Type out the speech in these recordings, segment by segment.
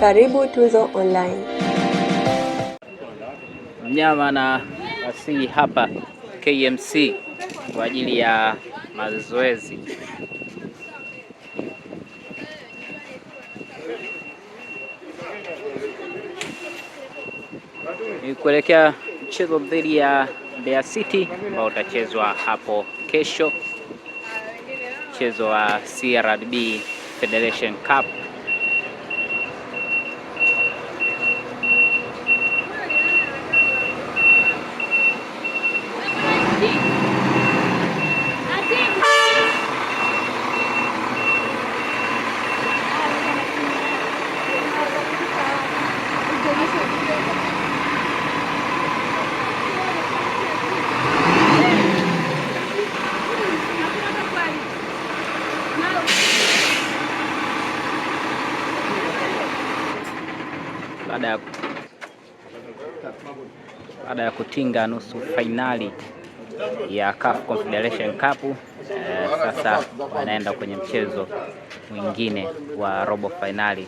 Karibu Tuzo Online. Mnyama na wasili hapa KMC kwa ajili ya mazoezi. Ni kuelekea mchezo dhidi ya Mbeya City ambao utachezwa hapo kesho, mchezo wa CRDB Federation Cup. baada ya baada ya kutinga nusu fainali ya CAF Confederation Cup eh, sasa wanaenda kwenye mchezo mwingine wa robo fainali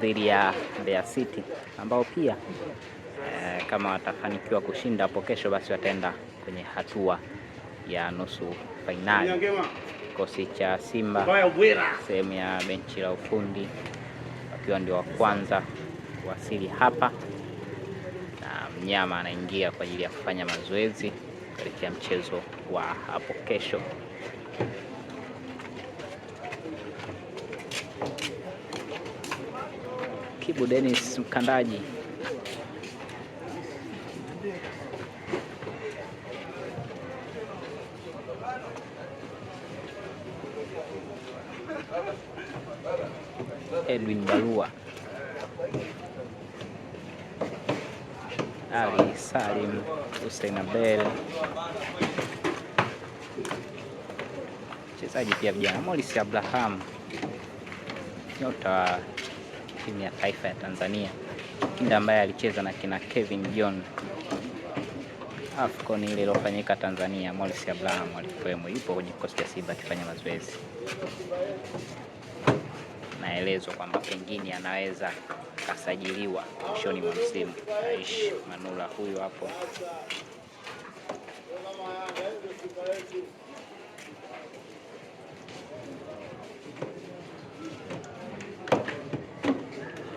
dhidi ya Mbeya City ambao pia eh, kama watafanikiwa kushinda hapo kesho, basi wataenda kwenye hatua ya nusu fainali. Kikosi cha Simba sehemu ya benchi la ufundi wakiwa ndio wa kwanza kuwasili hapa, na mnyama anaingia kwa ajili ya kufanya mazoezi kuelekea mchezo wa hapo kesho. Kibu Dennis mkandaji Edwin Barua Ali Salim Hussein Abel, mchezaji pia vijana Morris Abraham, nyota wa timu ya taifa ya Tanzania, kinda ambaye alicheza na kina Kevin John AFCON ile iliyofanyika Tanzania. Morris Abraham alikuwemo, yupo kwenye kikosi cha Simba akifanya mazoezi, naelezwa kwamba pengine anaweza kasajiliwa mwishoni mwa msimu. Aish Manula huyu hapo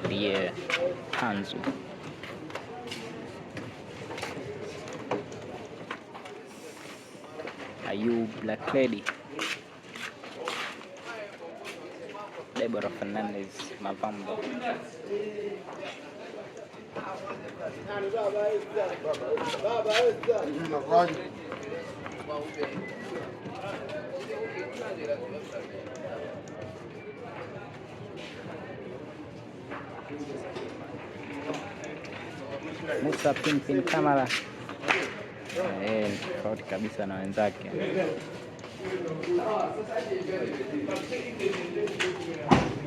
ndiye Hanzu. Ayub Black Lady Deborah Fernandez Mavambo. Musa Pinpin Kamara, eh, tofauti kabisa na wenzake. 啊，十三点交的电一他最近几天都是这个样子。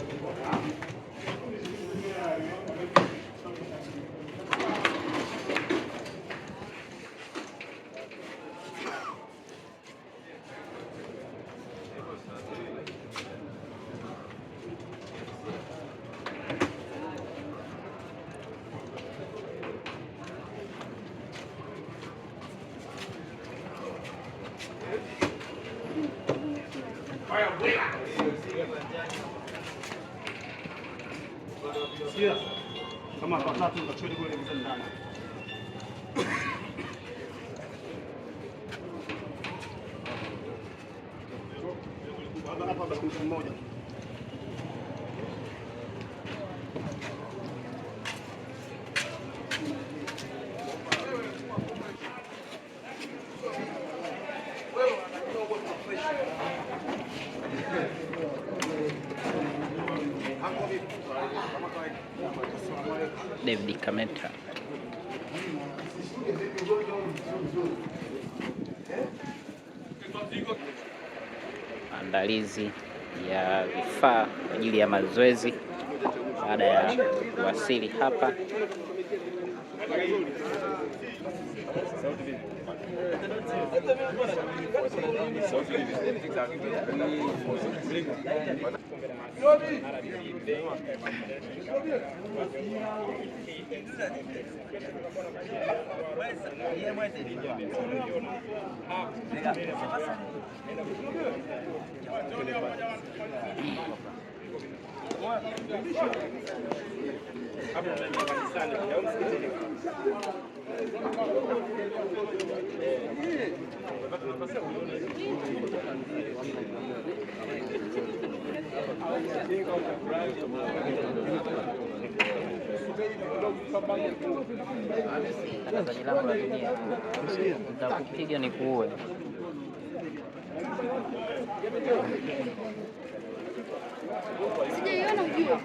kucheza kama watatu tukachukua goli moja ndani. Baba hapa basi mmoja. David Kameta maandalizi ya vifaa kwa ajili ya mazoezi baada ya kuwasili hapa. Saúde, Vivi. Saúde, Vivi. Obrigado. Aazajilama la dunia nitakupiga nikuue. Sijaiona ujue.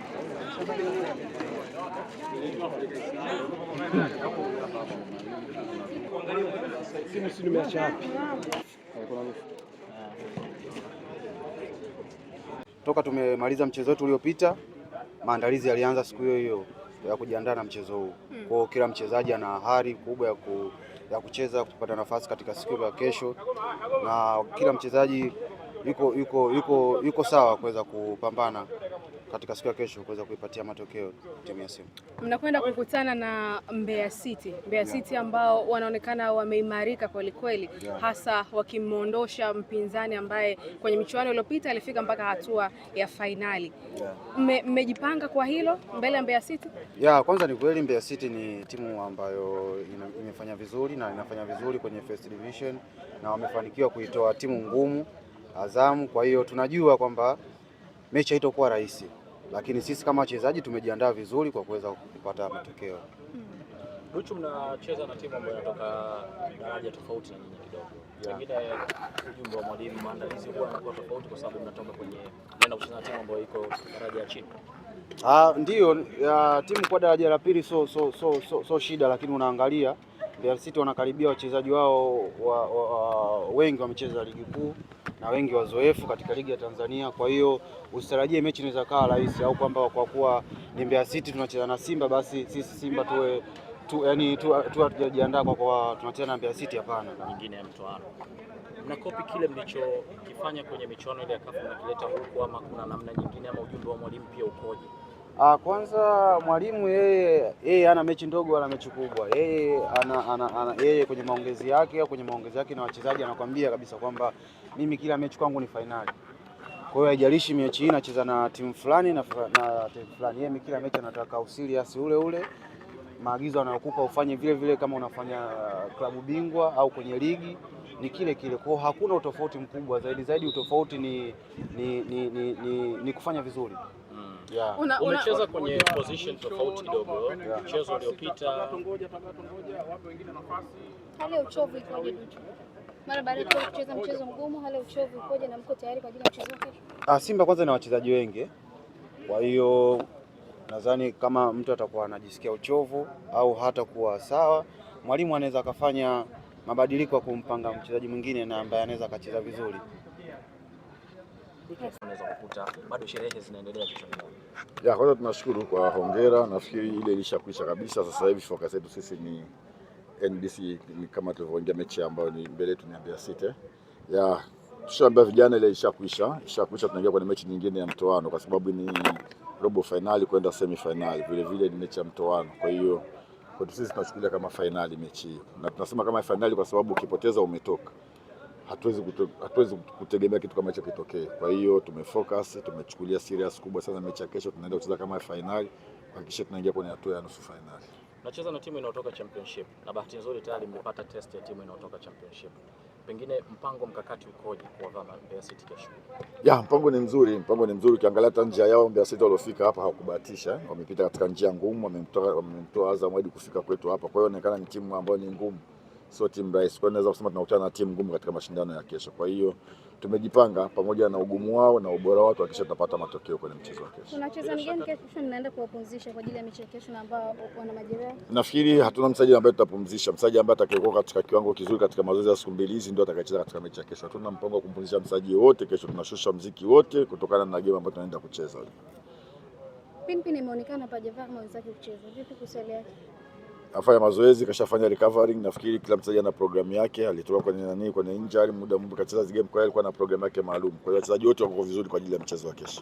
Toka tumemaliza mchezo wetu uliopita, maandalizi yalianza siku hiyo hiyo ya kujiandaa na mchezo huu. Hmm. Kwa hiyo kila mchezaji ana hari kubwa ya ku ya kucheza kupata nafasi katika siku ya kesho, na kila mchezaji yuko yuko yuko yuko sawa kuweza kupambana katika siku ya kesho kuweza kuipatia matokeo timu ya Simba. Mnakwenda kukutana na Mbeya City, Mbeya yeah. City ambao wanaonekana wameimarika kweli kweli yeah. hasa wakimwondosha mpinzani ambaye kwenye michuano iliyopita alifika mpaka hatua ya fainali yeah. Mmejipanga kwa hilo mbele ya Mbeya City? Yeah, kwanza ni kweli Mbeya City ni timu ambayo imefanya vizuri na inafanya vizuri kwenye first division na wamefanikiwa kuitoa timu ngumu azamu Kwa hiyo tunajua kwamba mechi haitokuwa rahisi, lakini sisi kama wachezaji tumejiandaa vizuri kwa kuweza kupata matokeo. Hmm. Luchu, mnacheza na timu ambayo inatoka daraja tofauti na nyinyi kidogo, pengine ujumbe wa mwalimu, maandalizi huwa yanakuwa tofauti kwa sababu mnatoka kwenye naenda kucheza na timu ambayo iko daraja ya chini. Ah, ndio timu kwa daraja la pili, so so so so, so shida, lakini unaangalia Mbeya City wanakaribia wachezaji wao wa, wa, wa, wengi wamecheza ligi kuu na wengi wazoefu katika ligi ya Tanzania. Kwa hiyo usitarajie mechi inaweza kaa rahisi au kwamba kwa kuwa ni Mbeya City tunacheza na Simba basi sisi Simba tuwe tu, yani tu hatujajiandaa kwa kuwa tunacheza na Mbeya City. Hapana, nyingine ya mtoano na kopi kile mlichokifanya kwenye michuano ile ya kafu na kileta huku, ama kuna namna nyingine ama ujumbe wa mwalimu pia ukoje? Ah, kwanza mwalimu yeye yeye ana mechi ndogo, ana mechi kubwa yeye ana, ana, ana, yeye kwenye maongezi yake au kwenye maongezi yake na wachezaji anakwambia kabisa kwamba mimi kila mechi kwangu ni fainali. Kwa hiyo haijalishi mechi hii nacheza na timu fulani na, na timu fulani, yeye kila mechi anataka usiriasi ule ule, maagizo anayokupa ufanye vile vile kama unafanya uh, klabu bingwa au kwenye ligi ni kile kile. Kwa hiyo hakuna utofauti mkubwa zaidi zaidi, utofauti ni, ni, ni, ni, ni, ni kufanya vizuri yeah. umecheza kwenye position tofauti kidogo yeah. Mchezo uliopita hali ya uchovu ikoje Mara baada ya kucheza mchezo mgumu, hali ya uchovu ikoje na mko tayari kwa ajili ya mchezo kesho? Ah, Simba kwanza na wachezaji wengi, kwa hiyo nadhani kama mtu atakuwa anajisikia uchovu au hata kuwa sawa, mwalimu anaweza akafanya mabadiliko ya kumpanga mchezaji mwingine na ambaye anaweza akacheza vizuri unaweza kukuta bado Ya kwanza tunashukuru kwa hongera, nafikiri ile ilishakwisha kabisa. Sasa hivi focus yetu sisi ni NBC, ni kama tulivyoongea mechi ambayo ni mbele yetu ni Mbeya City. Ya tushaambia vijana ile ishakwisha, ishakwisha, tunaingia kwenye mechi nyingine ya mtoano kwa sababu ni robo finali kwenda semi finali, vile vile ni mechi ya mtoano, kwa hiyo kwa sisi tunachukulia kama finali mechi hii, na tunasema kama finali kwa sababu ukipoteza umetoka hatuwezi kute, hatuwezi kutegemea kitu kama hicho kitokee. Kwa hiyo tumefocus, tumechukulia serious kubwa sana mechi ya kesho, tunaenda kucheza kama fainali, kuhakikisha tunaingia kwenye hatua ya nusu fainali. Nacheza na timu inayotoka championship na bahati nzuri tayari mmepata test ya timu inayotoka championship. Pengine mpango mkakati ukoje kwa Mbeya City kesho? Ya, mpango ni mzuri, mpango ni mzuri. Ukiangalia hata njia yao Mbeya City waliofika hapa hawakubahatisha, wamepita katika njia ngumu, wamemtoa Azam hadi kufika kwetu hapa. Kwa hiyo inaonekana ni timu ambayo ni ngumu sio timu rahisi, kwa naweza kusema tunakutana na timu ngumu katika mashindano ya kesho. Kwa hiyo tumejipanga pamoja na ugumu wao na ubora wao, tuhakikisha tutapata matokeo kwenye mchezo wa kesho. Tunacheza ni game kesho, mnaenda kuwapumzisha kwa ajili ya mechi ya kesho na ambao wana majeraha. Nafikiri hatuna msaji ambaye tutapumzisha. msaji ambaye atakayekuwa katika kiwango kizuri katika mazoezi ya siku mbili hizi ndio atakayecheza katika mechi ya kesho. Hatuna mpango wa kumpumzisha msaji wote kesho, tunashusha mziki wote kutokana na game ambayo tunaenda kucheza. Pinpin imeonekana pa Javama wenzake kucheza. Vipi kusalia? afanya mazoezi, kashafanya recovering. Nafikiri kila mchezaji ana programu yake, alitoka kwenye nani, kwenye injury muda mfupi kacheza zigame, kwa hiyo alikuwa na programu yake maalum. Kwa hiyo wachezaji wote wako vizuri kwa ajili ya mchezo wa kesho.